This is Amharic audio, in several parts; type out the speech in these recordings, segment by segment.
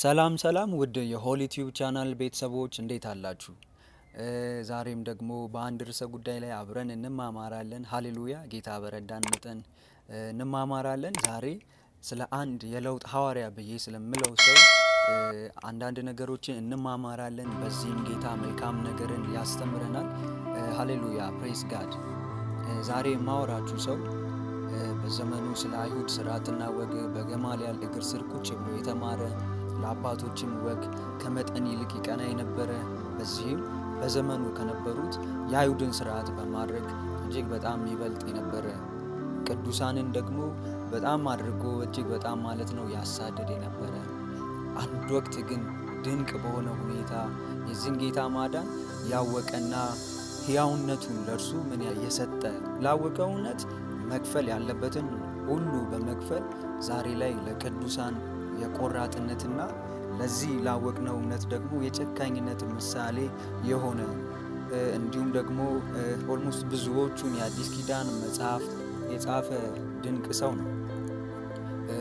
ሰላም ሰላም ውድ የሆሊ ቻናል ቤተሰቦች እንዴት አላችሁ? ዛሬም ደግሞ በአንድ ርዕሰ ጉዳይ ላይ አብረን እንማማራለን። ሀሌሉያ ጌታ በረዳን መጠን እንማማራለን። ዛሬ ስለ አንድ የለውጥ ሐዋርያ ብዬ ስለምለው ሰው አንዳንድ ነገሮችን እንማማራለን። በዚህም ጌታ መልካም ነገርን ያስተምረናል። ሀሌሉያ ፕሬስ ጋድ። ዛሬ የማወራችሁ ሰው በዘመኑ ስለ አይሁድ ስርዓትና ወግ በገማልያል እግር ስር ቁጭ ብሎ የተማረ ለአባቶችም ወግ ከመጠን ይልቅ ይቀና የነበረ በዚህም በዘመኑ ከነበሩት የአይሁድን ስርዓት በማድረግ እጅግ በጣም ይበልጥ የነበረ ቅዱሳንን ደግሞ በጣም አድርጎ እጅግ በጣም ማለት ነው ያሳደድ የነበረ አንድ ወቅት ግን ድንቅ በሆነ ሁኔታ የዚህን ጌታ ማዳን ያወቀና ሕያውነቱን ለእርሱ ምን የሰጠ ላወቀ እውነት መክፈል ያለበትን ሁሉ በመክፈል ዛሬ ላይ ለቅዱሳን የቆራጥነትና ለዚህ ላወቅነው እምነት ደግሞ የጨካኝነት ምሳሌ የሆነ እንዲሁም ደግሞ ኦልሞስት ብዙዎቹን የአዲስ ኪዳን መጽሐፍ የጻፈ ድንቅ ሰው ነው።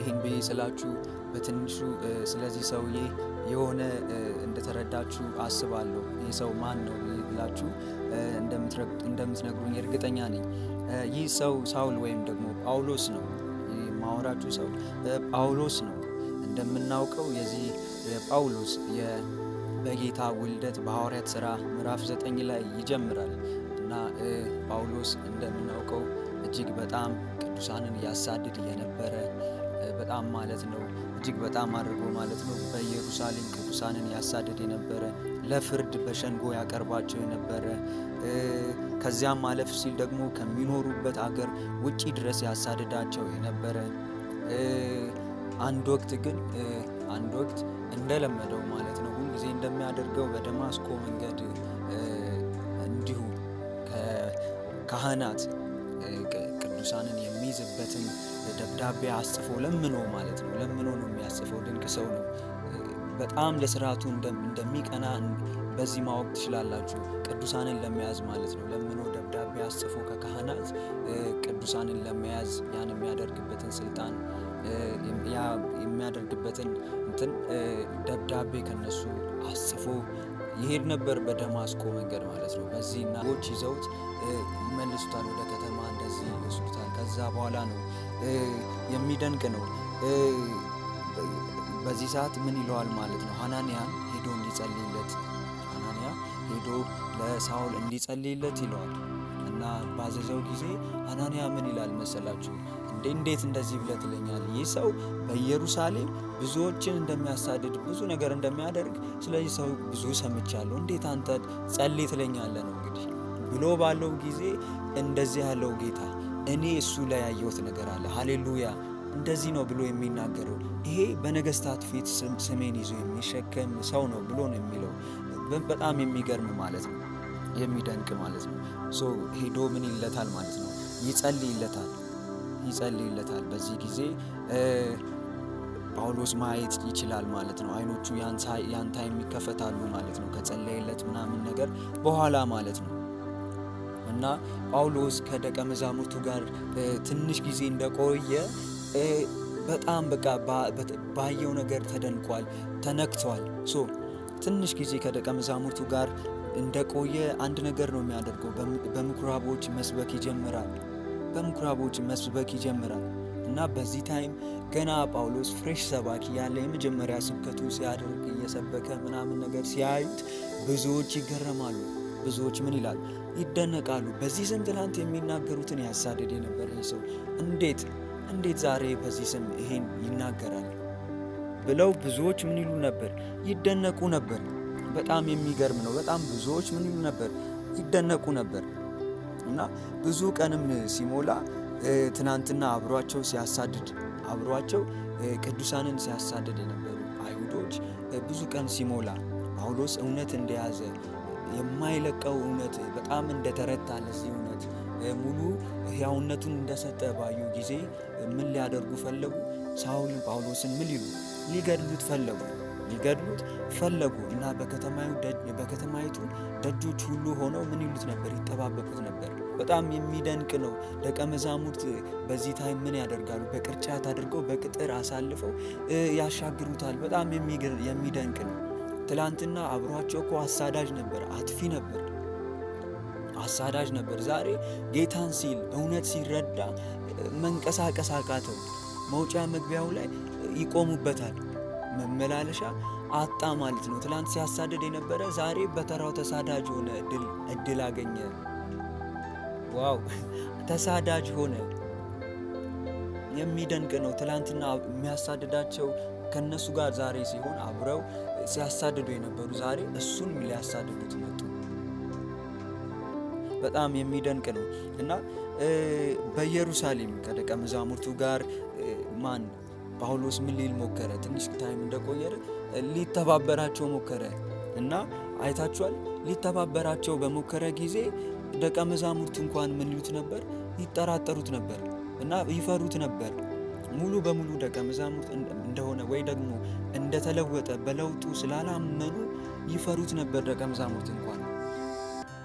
ይህን ብዬ ስላችሁ በትንሹ ስለዚህ ሰውዬ የሆነ እንደተረዳችሁ አስባለሁ። ይህ ሰው ማን ነው ብላችሁ እንደምትነግሩኝ እርግጠኛ ነኝ። ይህ ሰው ሳውል ወይም ደግሞ ጳውሎስ ነው። ማወራችሁ ሰው ጳውሎስ ነው። እንደምናውቀው የዚህ የጳውሎስ በጌታ ውልደት በሐዋርያት ሥራ ምዕራፍ ዘጠኝ ላይ ይጀምራል እና ጳውሎስ እንደምናውቀው እጅግ በጣም ቅዱሳንን ያሳድድ የነበረ በጣም ማለት ነው እጅግ በጣም አድርጎ ማለት ነው በኢየሩሳሌም ቅዱሳንን ያሳድድ የነበረ ለፍርድ በሸንጎ ያቀርባቸው የነበረ ከዚያም ማለፍ ሲል ደግሞ ከሚኖሩበት አገር ውጪ ድረስ ያሳድዳቸው የነበረ አንድ ወቅት ግን አንድ ወቅት እንደለመደው ማለት ነው ጊዜ እንደሚያደርገው በደማስቆ መንገድ እንዲሁ ካህናት ቅዱሳንን የሚይዝበትን ደብዳቤ አስጽፎ ለምኖ ማለት ነው ለምኖ ነው የሚያስጽፈው። ድንቅ ሰው ነው። በጣም ለስርዓቱ እንደሚቀና በዚህ ማወቅ ትችላላችሁ። ቅዱሳንን ለመያዝ ማለት ነው ለምኖ ደብዳቤ አስጽፎ ከካህናት ቅዱሳንን ለመያዝ ያን የሚያደርግበትን ስልጣን የሚያደርግበትን እንትን ደብዳቤ ከነሱ አስፎ ይሄድ ነበር በደማስቆ መንገድ ማለት ነው። በዚህ ናዎች ይዘውት ይመልሱታል ወደ ከተማ እንደዚህ ይወስዱታል። ከዛ በኋላ ነው የሚደንቅ ነው። በዚህ ሰዓት ምን ይለዋል ማለት ነው ሐናንያ ሄዶ እንዲጸልይለት ሐናንያ ሄዶ ለሳውል እንዲጸልይለት ይለዋል እና ባዘዘው ጊዜ ሐናንያ ምን ይላል መሰላችሁ? እንዴት እንደዚህ ብለህ ትለኛለህ? ይህ ሰው በኢየሩሳሌም ብዙዎችን እንደሚያሳድድ ብዙ ነገር እንደሚያደርግ ስለዚህ ሰው ብዙ ሰምቻለሁ፣ እንዴት አንተ ጸልይ ትለኛለህ ነው እንግዲህ ብሎ ባለው ጊዜ እንደዚህ ያለው ጌታ እኔ እሱ ላይ ያየሁት ነገር አለ። ሀሌሉያ! እንደዚህ ነው ብሎ የሚናገረው ይሄ በነገስታት ፊት ስሜን ይዞ የሚሸከም ሰው ነው ብሎ ነው የሚለው። በጣም የሚገርም ማለት ነው፣ የሚደንቅ ማለት ነው። ሄዶ ምን ይለታል ማለት ነው፣ ይጸልይለታል ይጸልይለታል። በዚህ ጊዜ ጳውሎስ ማየት ይችላል ማለት ነው። አይኖቹ ያንታ የሚከፈታሉ ይከፈታሉ ማለት ነው። ከጸለየለት ምናምን ነገር በኋላ ማለት ነው። እና ጳውሎስ ከደቀ መዛሙርቱ ጋር ትንሽ ጊዜ እንደቆየ በጣም በቃ ባየው ነገር ተደንቋል፣ ተነክቷል። ሶ ትንሽ ጊዜ ከደቀ መዛሙርቱ ጋር እንደቆየ አንድ ነገር ነው የሚያደርገው፣ በምኩራቦች መስበክ ይጀምራል። በምኩራቦች መስበክ ይጀምራል እና በዚህ ታይም ገና ጳውሎስ ፍሬሽ ሰባኪ ያለ የመጀመሪያ ስብከቱ ሲያደርግ እየሰበከ ምናምን ነገር ሲያዩት ብዙዎች ይገረማሉ። ብዙዎች ምን ይላል ይደነቃሉ። በዚህ ስም ትላንት የሚናገሩትን ያሳደድ የነበረ ሰው እንዴት እንዴት ዛሬ በዚህ ስም ይሄን ይናገራል ብለው ብዙዎች ምን ይሉ ነበር? ይደነቁ ነበር። በጣም የሚገርም ነው። በጣም ብዙዎች ምን ይሉ ነበር? ይደነቁ ነበር። እና ብዙ ቀንም ሲሞላ ትናንትና አብሯቸው ሲያሳድድ አብሯቸው ቅዱሳንን ሲያሳድድ የነበሩ አይሁዶች ብዙ ቀን ሲሞላ ጳውሎስ እውነት እንደያዘ የማይለቀው እውነት በጣም እንደተረታ ለዚህ እውነት ሙሉ ሕያውነቱን እንደሰጠ ባዩ ጊዜ ምን ሊያደርጉ ፈለጉ? ሳውል ጳውሎስን ምን ሊሉ ሊገድሉት ፈለጉ። ሊገድሉት ፈለጉ እና በከተማይቱ ደጆች ሁሉ ሆነው ምን ይሉት ነበር? ይጠባበቁት ነበር። በጣም የሚደንቅ ነው። ደቀ መዛሙርት በዚህ ታይም ምን ያደርጋሉ? በቅርጫት አድርገው በቅጥር አሳልፈው ያሻግሩታል። በጣም የሚደንቅ ነው። ትላንትና አብሯቸው እኮ አሳዳጅ ነበር፣ አጥፊ ነበር፣ አሳዳጅ ነበር። ዛሬ ጌታን ሲል እውነት ሲረዳ መንቀሳቀስ አቃተው። መውጫ መግቢያው ላይ ይቆሙበታል። መመላለሻ አጣ ማለት ነው። ትላንት ሲያሳድድ የነበረ ዛሬ በተራው ተሳዳጅ ሆነ፣ እድል አገኘ። ዋው ተሳዳጅ ሆነ። የሚደንቅ ነው። ትላንትና የሚያሳድዳቸው ከነሱ ጋር ዛሬ ሲሆን አብረው ሲያሳድዱ የነበሩ ዛሬ እሱን ሊያሳድዱት መጡ። በጣም የሚደንቅ ነው እና በኢየሩሳሌም ከደቀ መዛሙርቱ ጋር ማን ጳውሎስ ምን ሊል ሞከረ? ትንሽ ታይም እንደቆየር ሊተባበራቸው ሞከረ እና አይታችኋል። ሊተባበራቸው በሞከረ ጊዜ ደቀ መዛሙርት እንኳን ምን ይሉት ነበር? ይጠራጠሩት ነበር እና ይፈሩት ነበር። ሙሉ በሙሉ ደቀ መዛሙርት እንደሆነ ወይ ደግሞ እንደተለወጠ በለውጡ ስላላመኑ ይፈሩት ነበር። ደቀ መዛሙርት እንኳን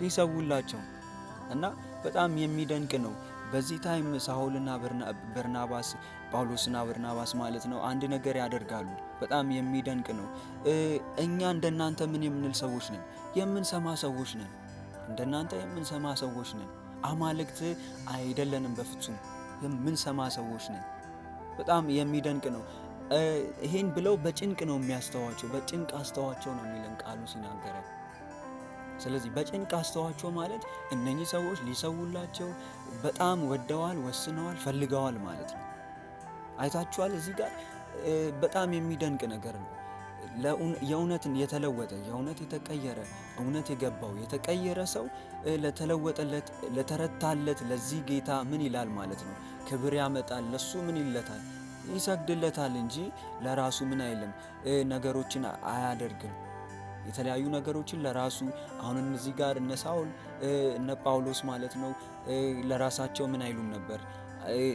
ሊሰውላቸው እና በጣም የሚደንቅ ነው። በዚህ ታይም ሳውልና በርናባስ ጳውሎስና በርናባስ ማለት ነው አንድ ነገር ያደርጋሉ። በጣም የሚደንቅ ነው። እኛ እንደናንተ ምን የምንል ሰዎች ነን? የምንሰማ ሰዎች ነን። እንደናንተ የምንሰማ ሰዎች ነን። አማልክት አይደለንም በፍጹም የምንሰማ ሰዎች ነን። በጣም የሚደንቅ ነው። ይሄን ብለው በጭንቅ ነው የሚያስተዋቸው፣ በጭንቅ አስተዋቸው ነው የሚለን ቃሉ ሲናገረን ስለዚህ በጭንቅ አስተዋቸው ማለት እነኚህ ሰዎች ሊሰውላቸው በጣም ወደዋል፣ ወስነዋል፣ ፈልገዋል ማለት ነው። አይታችኋል። እዚህ ጋር በጣም የሚደንቅ ነገር ነው። የእውነትን የተለወጠ የእውነት የተቀየረ እውነት የገባው የተቀየረ ሰው ለተለወጠለት ለተረታለት ለዚህ ጌታ ምን ይላል ማለት ነው? ክብር ያመጣል። ለሱ ምን ይለታል? ይሰግድለታል እንጂ ለራሱ ምን አይልም። ነገሮችን አያደርግም። የተለያዩ ነገሮችን ለራሱ አሁን እነዚህ ጋር እነ ሳውል እነ ጳውሎስ ማለት ነው ለራሳቸው ምን አይሉም ነበር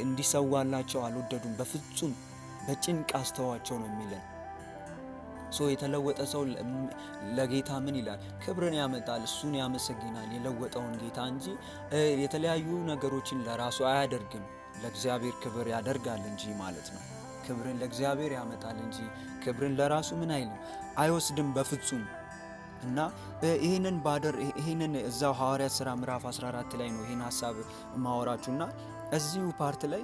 እንዲሰዋላቸው አልወደዱም። በፍጹም በጭንቅ አስተዋቸው ነው የሚለን። ሶ የተለወጠ ሰው ለጌታ ምን ይላል? ክብርን ያመጣል፣ እሱን ያመሰግናል፣ የለወጠውን ጌታ እንጂ የተለያዩ ነገሮችን ለራሱ አያደርግም። ለእግዚአብሔር ክብር ያደርጋል እንጂ ማለት ነው። ክብርን ለእግዚአብሔር ያመጣል እንጂ ክብርን ለራሱ ምን አይልም፣ አይወስድም በፍጹም። እና ይህንን ባደር ይህንን እዛው ሐዋርያት ስራ ምዕራፍ 14 ላይ ነው ይህን ሀሳብ ማወራችሁና እዚሁ ፓርት ላይ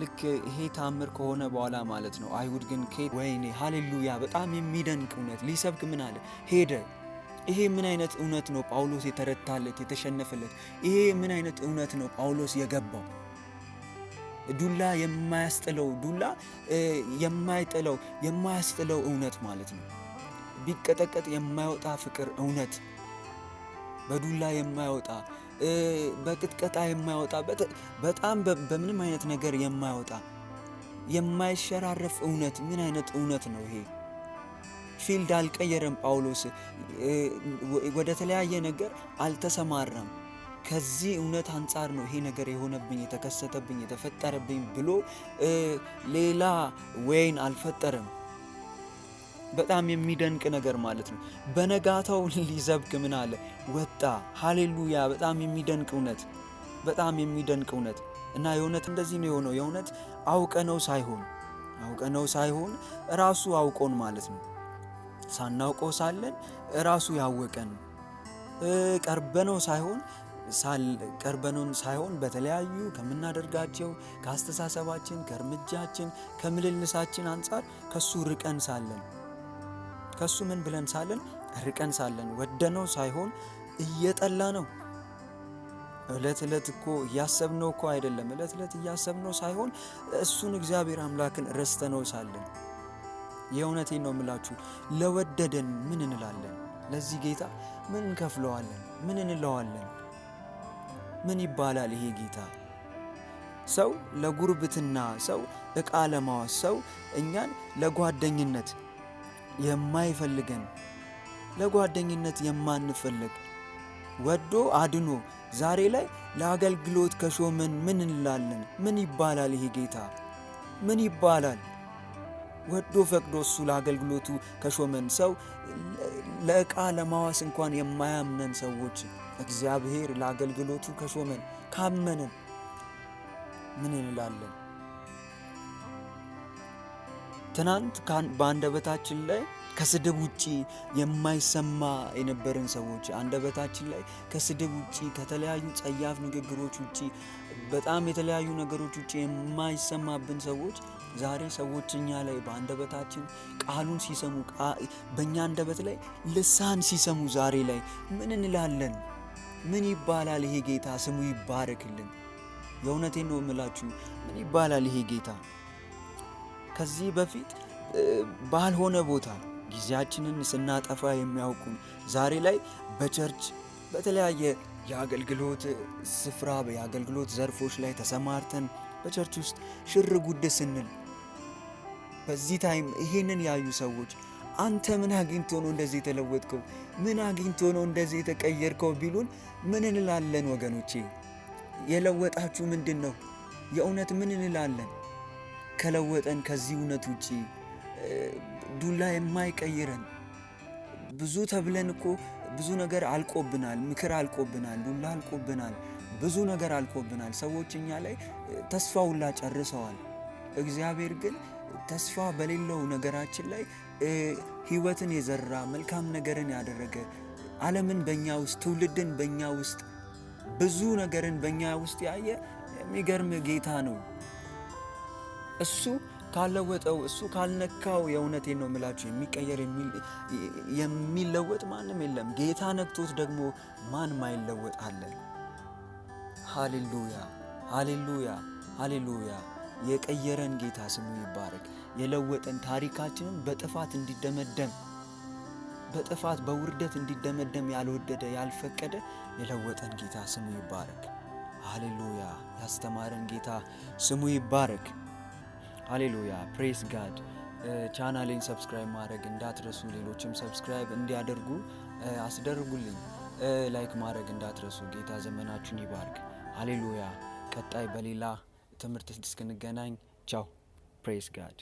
ልክ ይሄ ታምር ከሆነ በኋላ ማለት ነው። አይሁድ ግን ከሄድ ወይኔ ሀሌሉያ በጣም የሚደንቅ እውነት ሊሰብክ ምን አለ ሄደ። ይሄ ምን አይነት እውነት ነው ጳውሎስ የተረታለት የተሸነፈለት? ይሄ ምን አይነት እውነት ነው ጳውሎስ የገባው? ዱላ የማያስጥለው ዱላ የማይጥለው የማያስጥለው እውነት ማለት ነው። ቢቀጠቀጥ የማይወጣ ፍቅር እውነት፣ በዱላ የማይወጣ በቅጥቀጣ የማይወጣ በጣም በምንም አይነት ነገር የማይወጣ የማይሸራረፍ እውነት። ምን አይነት እውነት ነው ይሄ? ፊልድ አልቀየረም ጳውሎስ፣ ወደ ተለያየ ነገር አልተሰማረም። ከዚህ እውነት አንጻር ነው ይሄ ነገር የሆነብኝ የተከሰተብኝ የተፈጠረብኝ ብሎ ሌላ ወይን አልፈጠረም። በጣም የሚደንቅ ነገር ማለት ነው። በነጋታው ሊዘብግ ምን አለ ወጣ። ሃሌሉያ! በጣም የሚደንቅ እውነት፣ በጣም የሚደንቅ እውነት እና የእውነት እንደዚህ ነው የሆነው። የእውነት አውቀነው ሳይሆን አውቀነው ሳይሆን ራሱ አውቆን ማለት ነው። ሳናውቀው ሳለን ራሱ ያወቀን ቀርበነው ሳይሆን ቀርበነውን ሳይሆን በተለያዩ ከምናደርጋቸው ከአስተሳሰባችን፣ ከእርምጃችን፣ ከምልልሳችን አንጻር ከሱ ርቀን ሳለን ከሱ ምን ብለን ሳለን ርቀን ሳለን ወደነው ሳይሆን እየጠላ ነው። እለት እለት እኮ እያሰብነው እኮ አይደለም። እለት እለት እያሰብነው ሳይሆን እሱን እግዚአብሔር አምላክን ረስተነው ሳለን የእውነቴን ነው የምላችሁ። ለወደደን ምን እንላለን? ለዚህ ጌታ ምን እንከፍለዋለን? ምን እንለዋለን? ምን ይባላል ይሄ ጌታ? ሰው ለጉርብትና፣ ሰው እቃ ለማዋስ፣ ሰው እኛን ለጓደኝነት የማይፈልገን ለጓደኝነት የማንፈልግ ወዶ አድኖ ዛሬ ላይ ለአገልግሎት ከሾመን ምን እንላለን? ምን ይባላል? ይሄ ጌታ ምን ይባላል? ወዶ ፈቅዶ እሱ ለአገልግሎቱ ከሾመን ሰው ለዕቃ ለማዋስ እንኳን የማያምነን ሰዎች እግዚአብሔር ለአገልግሎቱ ከሾመን ካመንን ምን እንላለን? ትናንት በአንደበታችን ላይ ከስድብ ውጪ የማይሰማ የነበርን ሰዎች አንደበታችን ላይ ከስድብ ውጪ ከተለያዩ ጸያፍ ንግግሮች ውጪ በጣም የተለያዩ ነገሮች ውጪ የማይሰማብን ሰዎች ዛሬ ሰዎች እኛ ላይ በአንደበታችን ቃሉን ሲሰሙ በእኛ አንደበት ላይ ልሳን ሲሰሙ ዛሬ ላይ ምን እንላለን? ምን ይባላል? ይሄ ጌታ ስሙ ይባረክልን። የእውነቴን ነው የምላችሁ። ምን ይባላል ይሄ ጌታ? ከዚህ በፊት ባልሆነ ቦታ ጊዜያችንን ስናጠፋ የሚያውቁን ዛሬ ላይ በቸርች በተለያየ የአገልግሎት ስፍራ የአገልግሎት ዘርፎች ላይ ተሰማርተን በቸርች ውስጥ ሽር ጉድ ስንል በዚህ ታይም ይሄንን ያዩ ሰዎች አንተ ምን አግኝቶ ነው እንደዚህ የተለወጥከው? ምን አግኝቶ ነው እንደዚህ የተቀየርከው ቢሉን ምን እንላለን? ወገኖቼ የለወጣችሁ ምንድን ነው? የእውነት ምን እንላለን? ከለወጠን ከዚህ እውነት ውጪ ዱላ የማይቀይረን ብዙ ተብለን እኮ ብዙ ነገር አልቆብናል። ምክር አልቆብናል። ዱላ አልቆብናል። ብዙ ነገር አልቆብናል። ሰዎች እኛ ላይ ተስፋ ሁላ ጨርሰዋል። እግዚአብሔር ግን ተስፋ በሌለው ነገራችን ላይ ሕይወትን የዘራ መልካም ነገርን ያደረገ ዓለምን በእኛ ውስጥ ትውልድን በእኛ ውስጥ ብዙ ነገርን በእኛ ውስጥ ያየ የሚገርም ጌታ ነው። እሱ ካልለወጠው እሱ ካልነካው የእውነቴን ነው የምላችሁ የሚቀየር የሚለወጥ ማንም የለም። ጌታ ነክቶት ደግሞ ማን ማይለወጥ አለ? ሃሌሉያ፣ ሃሌሉያ፣ ሃሌሉያ። የቀየረን ጌታ ስሙ ይባረክ። የለወጠን ታሪካችንን በጥፋት እንዲደመደም በጥፋት በውርደት እንዲደመደም ያልወደደ ያልፈቀደ የለወጠን ጌታ ስሙ ይባረክ። ሃሌሉያ። ያስተማረን ጌታ ስሙ ይባረክ። ሃሌሉያ ፕሬስ ጋድ። ቻናሌን ሰብስክራይብ ማድረግ እንዳትረሱ፣ ሌሎችም ሰብስክራይብ እንዲያደርጉ አስደርጉልኝ። ላይክ ማድረግ እንዳትረሱ። ጌታ ዘመናችሁን ይባርክ። ሃሌሉያ። ቀጣይ በሌላ ትምህርት እስክንገናኝ ቻው። ፕሬስ ጋድ